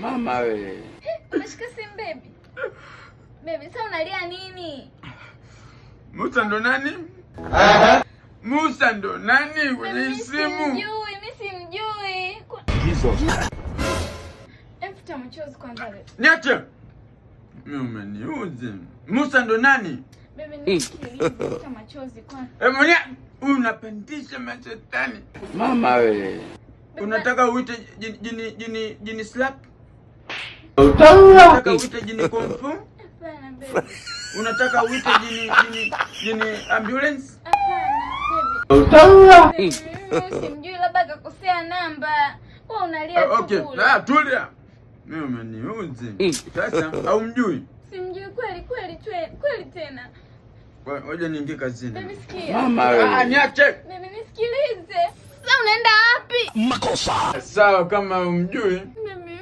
Mama we. Umeshika simu baby. Baby, sasa unalia nini? Musa ndo nani? Aha. Musa ndo nani kwenye simu? Sijui, mimi simjui. Jesus. Hebu tamchoze kwanza. Niache. Umeniuzi. Musa ndo nani? Eh, huyu unapandisha mashetani. Mama we. Unataka uite jini jini jini slap? Unataka uite jini kung Unataka uite jini jini jini ambulance? Hapana. Simjui labda akakosea namba. Wewe unalia tu. Okay, ah, tulia. Mimi sasa eh. au mjui? Simjui kweli kweli kweli tena. Ngoja niingie kazini. Mama, ah, niache. Mimi nisikilize. Sasa unaenda wapi? Makosa. Sawa kama umjui. Mimi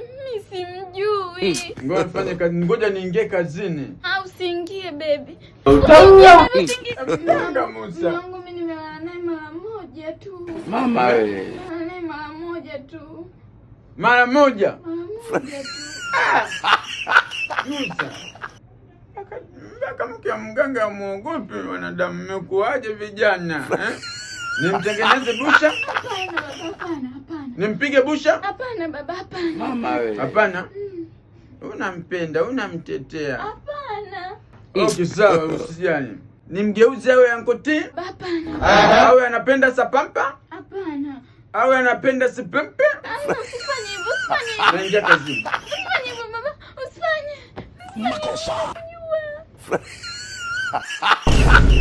simjui. Eh. Ngoja fanye kazi. Ngoja niingie kazini. Au usiingie baby. Utaua. Eh. Mungu mimi nimelala naye mara moja tu. Mama wewe. Mara moja tu. Mara moja akamkia mganga amwogope. Wanadamu mmekuwaje vijana eh? Nimtengeneze busha? Hapana Nimpige busha? Hapana baba, hapana. Mama wewe. Hapana. Mm. Unampenda, unamtetea. Hapana. Okay, oh, sawa usijali. Nimgeuze awe ankoti? Hapana. Awe anapenda sapampa? Hapana. Awe anapenda sipempe? Hapana. Naingia kazini. Usifanye makosa.